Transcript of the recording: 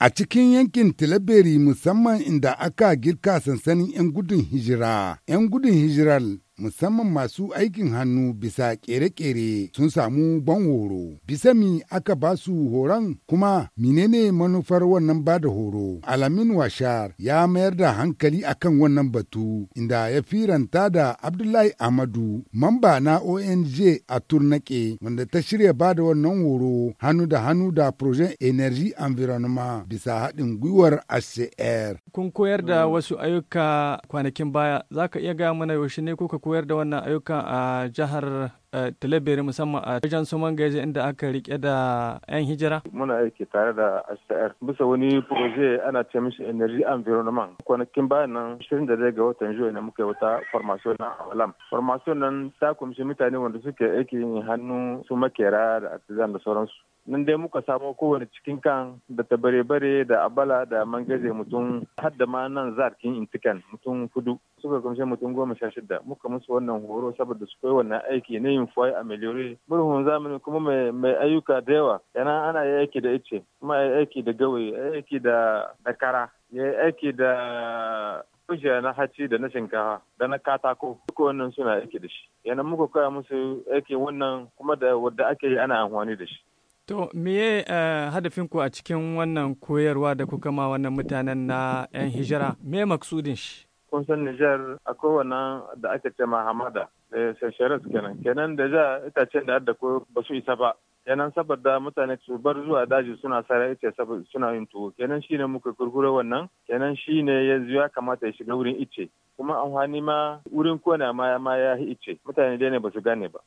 A cikin yankin Tilaberi musamman inda aka girka sansanin 'yan gudun hijira, 'yan gudun hijirar musamman masu aikin hannu bisa kere-kere sun samu ban horo. Bisa mi aka ba su horon kuma menene manufar wannan ba da horo. Alamin Washar ya mayar da hankali akan wannan batu inda ya firanta da Abdullahi amadu. mamba na ONG a Turnaƙe wanda ta shirya ba da wannan horo hannu da hannu da Projet Energy Environnement bisa haɗin gwiwar HCR. Kun koyar da wasu ayyuka kwanakin baya za ka iya gaya mana yaushe ne kuka koyar da wannan ayyukan a jihar talabere musamman a wajen suman gaje inda aka rike da 'yan hijira? Muna aiki tare da HCR bisa wani proje ana ce mishi Energy Environment. Kwanakin bayan nan 21 ga watan Juyo ne muka wata formation na Alam. Formation nan ta kumshi mutane wanda suke aikin hannu su makera da artisan da sauransu. nan dai muka samo kowane cikin kan da tabare-bare da abala da mangaje mutum har da ma nan zarkin intikan mutum kudu suka kamshe mutum goma sha shida muka musu wannan horo saboda su kai wannan aiki na yin a miliyori murhun zamani kuma mai ayyuka da yawa yana ana yi aiki da ice kuma yi aiki da gawayi yi aiki da ya yi aiki da kushe na haci da na shinkafa da na katako duka wannan suna aiki da shi yana muka koya musu aiki wannan kuma da wadda ake yi ana amfani da shi To, meye eh, hadafin ku a cikin wannan koyarwa da kuka ma wannan mutanen na 'yan hijira, me maksudin shi? kun san Nijar a wannan da aka ce ma hamada eh, Seychelles kenan kenan da ja itacen da da ko ba su isa ba kenan saboda mutane su bar zuwa daji suna sara ita saboda suna yin tuwo kenan shine muka kurkure wannan kenan shine yanzu ya kamata ya shiga wurin ice kuma amfani ma wurin kona ma ya ice mutane dai ne ba su gane ba